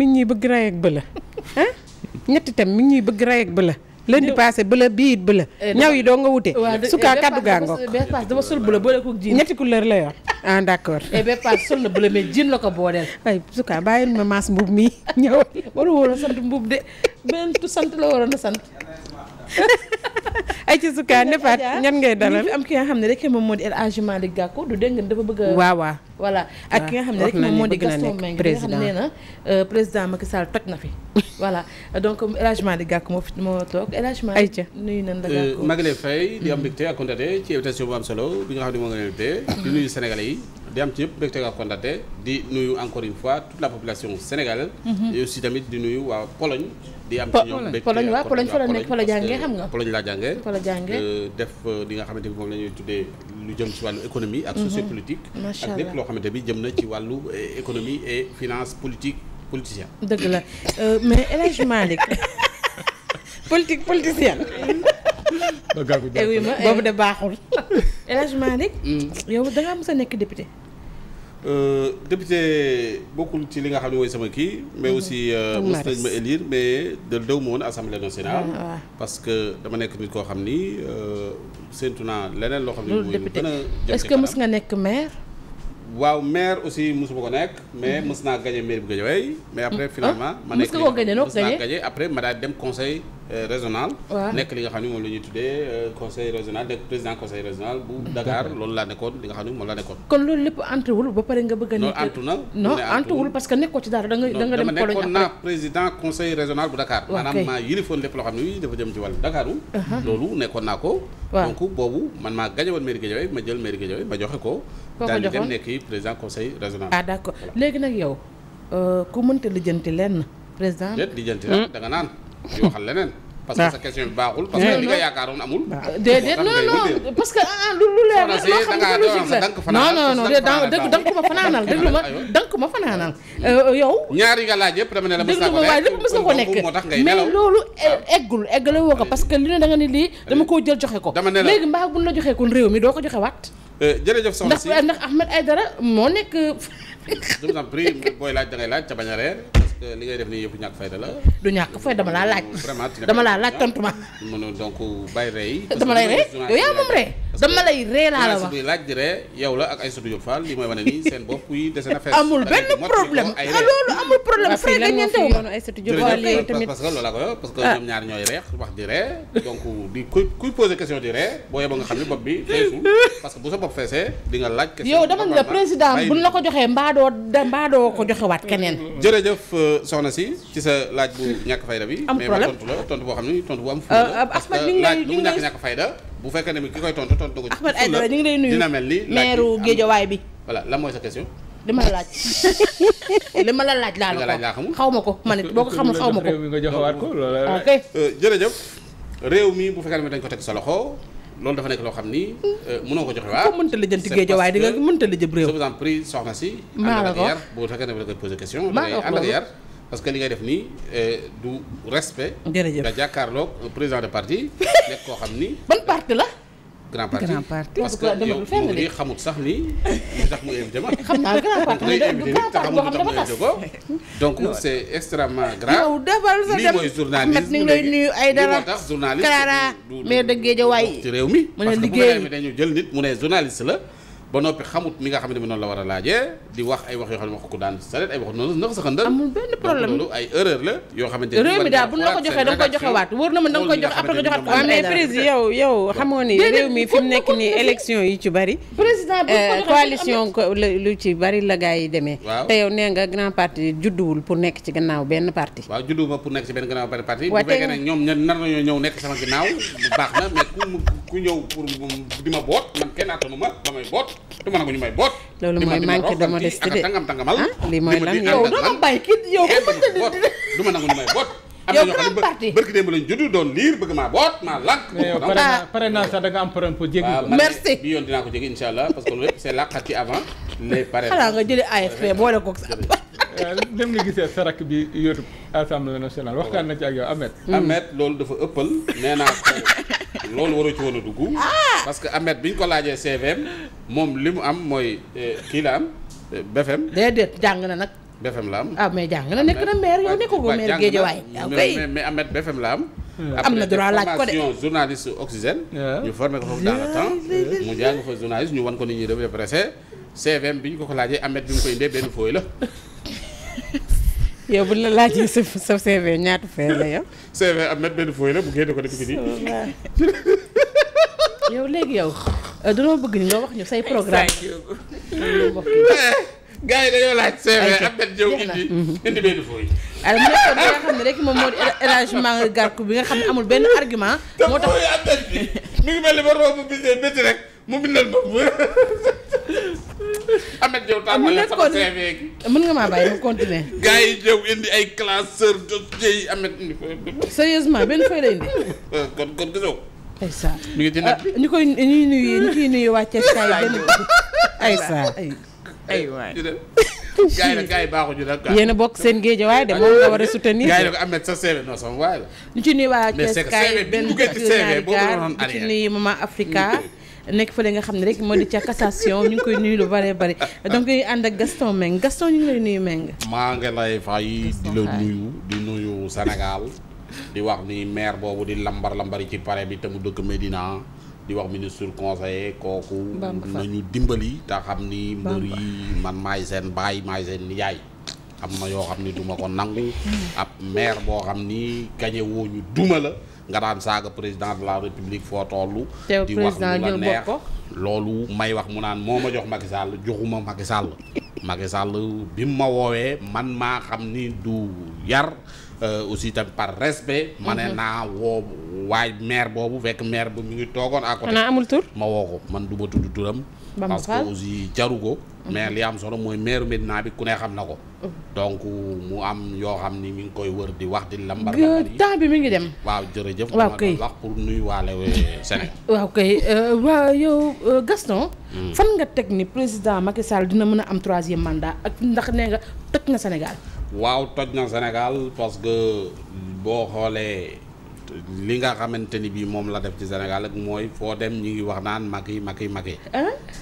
mi ngi ñuy bëgg ray ak ñetti tam mi ñuy bëgg ray ak bëla lundi passé bëla biit bëla eh, ñaw yi doo nga wute sukaa eh, kaddu gaa ngoog dama sol bëla boole ko jiin ñetti couleur la yor ah d'accord eh, bépp pass sol la ko booleel ay sukaa bàyyil ma maas mbubb mi ñëw waru woon a sant mbubb de benn tu sant la waroon a sant ay ci sukaa ne faat ngay dalal am ki nga xam ne rek moom moo di El Hadji Malick Gakou du dégg dafa bëgg a waaw waaw voilà ak ki nga xam ne rek moom moo di Gaston Mbengue nga na euh, président Macky Sall toj na fi voilà donc El Hadji Malick Gakou moo fi moo toog El Hadji Malick nuyu nañ la Gakou euh, maa ngi lay fay di am mbégte ak kontaate ci invitation bu am solo bi nga xam ne moo nga invité di nuyu Sénégalais yi di am ci yëpp mbégte ak kontaante di nuyu encore une fois toute la population sénégalaise. Mhm. et aussi tamit di nuyu waa Pologne. di am ci ñoom mbégte Pologne waaw Pologne fa la nekk fa la jàngee xam nga. Pologne laa jàngee fa la jàngee euh, def euh, li nga xamante ni moom la ñuy tuddee lu jëm ci wàllu économie. ak mhm. sociopolitique. macha allah ak lépp loo xamante ni jëm na ci wàllu euh, économie et finance politique politicien. dëgg la mais El Hadj Malick politique politicienne. Eh boobu de baaxul. El Hadj Malick mm. yow da ngaa mës a nekk député. Euh, député bokkul ci li nga xam ne mooy sama kii. mais mm-hmm. aussi euh, mës nañ ma élire mais de dew ma woon assemblée nationale. Ah, parce que dama nekk nit koo xam ni euh, séntu naa leneen loo xam ne. loolu député est que mës nga nekk maire. waaw maire aussi mosuma ko nekk. mais mm-hmm. mës naa gagné maire bu Guédiawaye mais après ah, ah. finalement. ma nekk mës nga ko gagné noo gagné après ma daal dem conseil. Euh, régional. nekk li nga xam ne moom la ñuy tuddee euh, conseil régional nekk président conseil régional bu Dakar loolu laa nekkoon li nga xam ne moom laa nekkoon. kon loolu lépp antuwul ba pare nga bëgg a. non antu naa président conseil régional bu Dakar. ok maanaam maa yilifoon lépp loo xam ne dafa jëm ci wàllu uh-huh. ko. nekk président conseil ah, euh, lijjanti lenn président. lijjanti hmm? da nga naan di waxal leneen. parce que ah. sa question bi baaxul. parce que eh. li nga yaakaaroon amul. déedéet non non parce que ah lu lu leer loo xam ne logique la non non non ma fanaanal ma euh, danga ne la mës na ko nekk waaye lépp mës na ko nekk mais loolu e-, ah. que li ne danga ni lii dama koo jël joxe ko. dama ne la léegi mbaa bu ñu la joxee kon réew mi doo ko joxe waat. Euh, jërëjëf soxna si ndax ndax Ahmed dara moo nekk. dama booy laaj dangay laaj ca bañ a reer li ngay def nii yëpp ñàkk fayda la. du ñàkk fay dama laa laaj. vraiment dama laa laaj tontu ma. donc bàyyi rey. dama lay rey yow yaa moom rey. dama lay ree laa la wax laaj di ree yow la ak Aïssatou Diop Fall li mooy wane ni seen bopp yi dese na fees amul benn problème ah, loolu amul problème frais gagnante wu ma parce que loolu laa ko yor parce que ah. ñoom ñaar ñooy reex wax di ree donc di kuy kuy poser question di ree boo yeboo nga xam ne bopp bi feesul parce que bu sa bopp feesee di nga laaj question yow dama ne la président buñ la ko joxee mbaadoo mbaadoo ko joxewaat keneen jërëjëf euh, soxna si ci sa laaj bu ñàkk fayda bi mais tontu la tontu boo xam ne tontu bu am euh, fu la euh, parce que laaj bu ñàkk ñàkk fayda bu fekkee ne ki koy tontu tontu ko ci. Ahmed Aïdara ñu ngi lay nuyu dina mel ni. maire Guédiawaye bi. voilà lan mooy sa question. li ma la laaj li ma la laaj laa la ko xaw ma ko ma ne boo ko xamul xaw ma ko. réew mi nga joxewaat ko loolu ok euh, jërëjëf réew mi bu fekkee ne dañ ko teg sa loxo loolu dafa nekk loo xam ni euh, mënoo ko joxe waat. mënta la jënd Guédiawaye di nga mënta la jëm réew. je vous en prie soxna si. maa la ko ànd ko yar parce que li ngay def nii eh, du respect. jërëjëf nga jàkkaarloog président de parti nekk koo xam ni. ban parti la. grand parti grand parti parce que yow mu ngi xamut sax ni mu invité ma. xam naa grand nit te mu invité ko. donc c' est extrêmement grave. defal sa dem mooy journaliste ni lay ay dara moo tax journaliste. dëggee ja waay ci réew mi. mu ne liggéey parce que bu dañu jël nit mu ne journaliste la. ba noppi xamut mi nga xam ne ma noonu la war a laajee di wax ay wax yoo xam ne wax ko daan saret ay wax noonu nax sa xandal amul benn problème loolu ay erreur la yoo xamante ne réew mi daal bu da nga koy joxe waat na ma da nga koy joxe après nga joxaat waaw ah, mais président yow yow xamoo ni réew mi yi ci bari président euh, coalition lu ci bari la gaa yi demee waaw te yow nee nga grand parti judduwul pour nekk ci gannaaw benn parti waaw judduwuma pour nekk ci benn gannaaw benn parti bu fekkee ne ñoom nar nañoo ñëw nekk sama ginnaaw baax na mais ñëw pour di ma boot man kenn atanu ma ba du mën a ñu may boot. loolu mooy manque de modestie de tangam ah, mooy lan yow dama bay ki yow ko du ma nangu ñu may boot. am na ñoo xam ne bërki démb lañ judd doon liir bëgg maa boot maa lànk. donc pare naa sax da nga am problème pour jéggi ko. merci bi yoon dinaa ko jéggi incha allah parce que loolu yëpp c'est laqati avant. nga jëli AFP boole ko sa. dem euh, sa rakk bi yóotu assemblée nationale waxtaan na ci ak yow Ahmed. Ahmed loolu dafa ëppal nee loolu waroo ci woon a dugg. Ah! parce que Ahmed bi ñu ko laajee CVM moom li mu am mooy eh, kii la am eh, BFM. déedéet jàng na nag. BFM la am ah mais jàng na nekk na maire ah, mais mais Ahmed la hmm. am. na droit laaj ko de formation journaliste ñu forme ko foofu dans le temps. mu jàng fa journaliste ñu wan ko nit ñi de presse CVM bi ñu ko ko laajee Ahmed bi mu koy indee benn fooy la. yow bu la laajee sa sa CV ñaata fee la yow. CV am na benn fooy la bu génne ko depuis nii. yow léegi yow euh, danoo bëgg nga wax ñu say programme. gars dañoo laaj CV am benn fooy. alors mu ngi mel ni ba romb bi rek mu bindal bopp Ameth Diop tàmbali la sama CV nga maa bàyyi mu continuer. gars yi ñëw indi ay classeur dossier benn fooy lay indi. Euh, kon kon gisoo. aysa mi ngi ci nag ah, ñu koy ñuy nuyu ñu koy nuyu waa Thiès kaay benn aysa ay bokk seen géej waaye de moom nga war a soutenir. gaay la ko Ameth sa CV non sama waay la. ñu ci nuyu waa Thiès kaay ci nuyu Mama Africa. Mm-hmm. nekk fa fële nga xam ne rek moo di ca cassation ñu ngi koy nuyu lu bare bari donc ñu ànd ak Gaston Mbengue Gaston ñu ngi lay nuyu Mbengue. maa ngi lay fay di la nuyu di nuyu Sénégal di wax ni maire boobu di lambar lambari yi ci pare bi te mu dëkk Medina di wax ministre conseiller kooku. nañu dimbali te xam ni. mbër yi man maay seen baay maay seen nijaay. am na yoo xam ni duma ko nangu. Mm. ab maire boo xam ni gañe ñu duma la. nga daan saaga président de la république foo toll. di wax lu la neex loolu may wax mu naan moo ma jox Macky Sall joxuma Macky Sall Macky Sall bi mu ma woowee man maa xam ni du yar euh, aussi tam par respect. ma ne mhm. naa woo waay maire boobu fekk maire bu mu ngi toogoon à côté. xanaa amul tur ma woo ko man du ma tudd turam. Bamba Fall aussi jaru ko. mais li am solo mooy maire Medina bi ku ne xam na ko. donc mu am yoo xam ni mi ngi koy wër di wax di lambar. temps bi mi ngi dem. waaw jërëjëf. waaw kay wax pour nuy waale euh, Sénégal. waaw kay euh, euh, Gaston. Hmm. fan nga teg ni président Macky Sall dina mën a am troisième mandat ak ndax nee nga toj na Sénégal. waaw toj na Sénégal parce boo xoolee. li nga xamante ni bii moom la def ci Sénégal ak mooy foo dem ñu ngi wax naan Macky Macky Macky.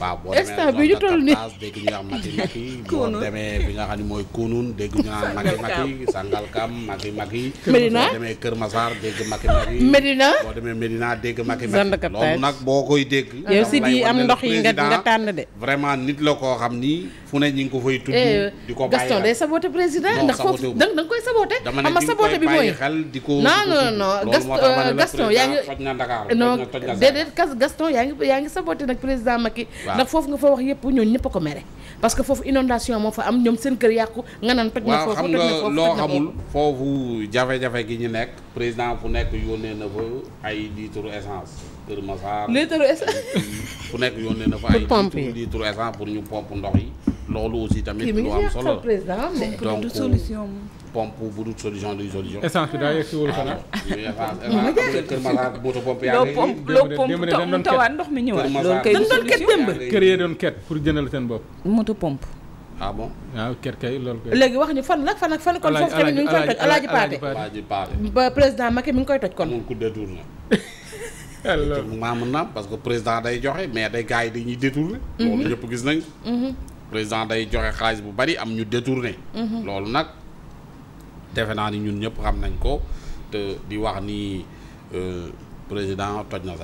waaw boo demee instant bi ñu toll nii dégg ñu wax Macky Macky. boo demee fi nga xam ne mooy Kounoune dégg ñu naan Macky Macky. Sangalkam Macky Macky. Medina boo demee Kër Massar dégg Macky Macky. Medina boo demee Medina dégg Macky Macky. loolu nag boo koy dégg. yow si bii am ndox yi nga nga tànn de. vraiment nit la koo xam ni fu ne ñu ngi ko fay tudd. Eh, di ko bàyyi Gaston day saboté président. ndax foofu da koy saboté. dama ne ñu koy bàyyi xel di ko non non non Gaston yaa ngi toj na Dakar non déedéet Gaston yaa ngi yaa ngi saboté nag président Macky ndax foofu nga fa wax yëpp ñoom ñëpp a ko mere parce que foofu inondation moo fa am ñoom seen kër yàqu nga naan toj na foofu jafe-jafe gi ñu nekk président fu nekk yónnee na fa ay litre essence Kër Massar litre essence fu nekk yónnee na fa ay litre essence pour ñu pompe ndox yi loolu aussi tamit. lu am solo la solution pompe solution du solution. essence bi daa yegg si wul xanaa. Ah, kër Masaar moto pompe yaa ngi mi ñëwaat. loolu kay doon ket démb. kër yee doon seen bopp. moto pompe. ah bon ah, loolu kay. léegi wax ñu fan nag fan ak fan. kon foofu tamit ñu ngi koy toj mi ngi koy toj kon. moom ku détour na. parce que président day joxe mais day gars yi dañuy détourné. Mhm. loolu ñëpp gis nañ mhm. président day joxe xaalis bu bari am ñu détourné. Mhm. loolu nag defe naa ni ñun ñëpp xam nañ ko te di wax ni euh, président toj na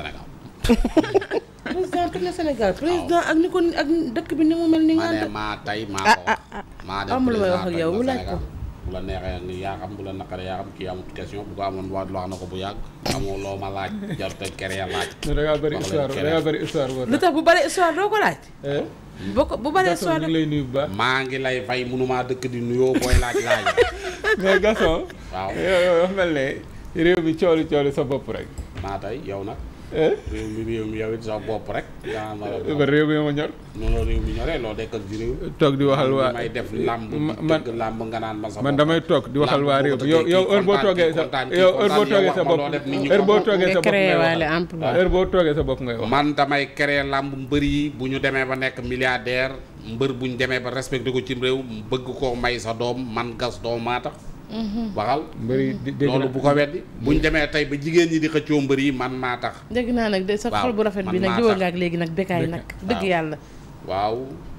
Sénégal. président ak ni ko ak dëkk bi ni mu mel ni. nga maa tey maa ah, ko ah, ah. maa dem président toj na Sénégal bu la neexee ni yaa xam bu la naqaree yaa xam kii amul question bu ko amoon wax wax na ko bu yàgg amoo loo ma laaj jar te laaj. da ngaa histoire da ngaa histoire lu tax bu bëri histoire doo ko laaj. Eh? bu ko bu baree soo lay nuyu bu baax maa ngi lay fay munumaa dëkk di nuyoo booy laaj laaj. mais Gaston. waaw yow yow mel ne réew mi cooli cooli sa bopp rek. maa tey yow nag. réew mi réew mi yow it bopp rek. yaa ma réew mi ñor. noonu loo dekk toog di waxal waa may def làmb. man làmb nga naan ma damay toog di waxal waa réew mi yow yow heure boo toogee sa boo toogee sa bopp heure boo toogee sa bopp ngay wax heure boo toogee sa bopp ngay wax. man damay créer làmb mbër yi bu ñu demee ba nekk milliardaire mbër bu ñu demee ba respecté ko ci réew bëgg koo may sa doom man gas doom maa tax waxal mbëri mhm. loolu bu ko weddi bu demee tey ba jigéen ñi di xëccoo mbër yi man naa tax dégg naa nag de sa xol bu rafet bi nag jiwal nga ak léegi nag bekkaay nag dëgg yàlla waaw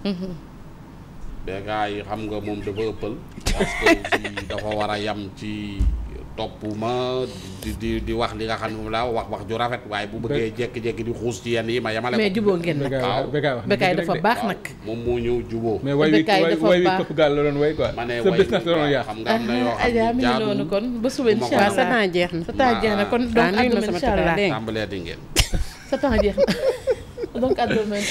mhm. bekkaay xam nga moom dafa ëppal parce que dafa war a yam ci topp ma di di wax li nga xam ne moom laa wax wax ju rafet waaye bu bëggee jekki jékki di xuus ci yenn yi ma yemale ko. mais juboo ngeen nag waaw Bécaye dafa baax nag. moom moo ñëw juboo. Bécaye dafa baax mais way wi këpp gaal la doon way quoi. ma ne way bi xam nga am na yoo xam ne jaadu mi ngi noonu kon ba suba incha jeex na. sa temps jeex na kon donc àdduna incha allah tàmbalee di ngeen. sa temps jeex na. donc à demain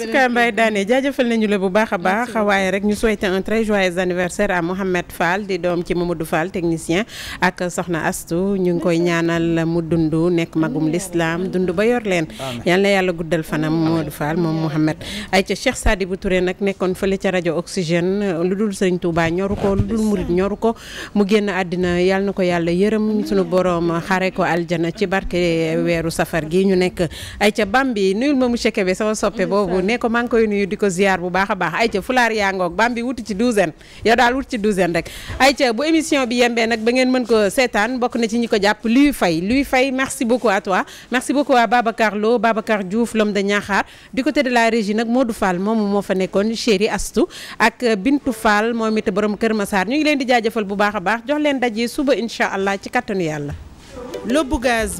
su ka mbay daane jaajëfal nañu la bu baax a baax waaye rek ñu souhaiter un très joyeux anniversaire à Mohamed Fall di doom ci Mamadou Fall technicien ak soxna Astu ñu ngi koy ñaanal mu dund nekk magum lislaam dund ba yor leen yal na yàlla guddal fanam Mamadou Fall moom Mohamed ay ca Cheikh Sadibou Touré nag nekkoon fële ca rajo Oxygène lu dul Sëriñ Touba ñoru ko lu dul murit ñoru ko mu génn àddina yal na ko yàlla yërëm sunu borom xare ko aljana ci barke weeru safar gi ñu nekk Bambi nuyul ma monsieur Kébé sama soppe boobu ne ko maa koy nuyu di ko ziar bu baax a baax ayca fulaar yaa ngoog Bambi wuti ci douzaine yow daal wuti ci douzaine rek ayca bu émission bi yembee nag ba ngeen mën ko seetaan bokk na ci ñi ko jàpp luy fay luy fay merci beaucoup à toi merci beaucoup à Babacar Lo Babacar Diouf l'homme de di ko côté de la régi nag Modou Fall moom moo fa nekkoon chéri Astou ak bintu faal moom it borom Kër Massar ñu ngi leen di jaajëfal bu baax a baax leen daje suba incha allah ci kattanu yàlla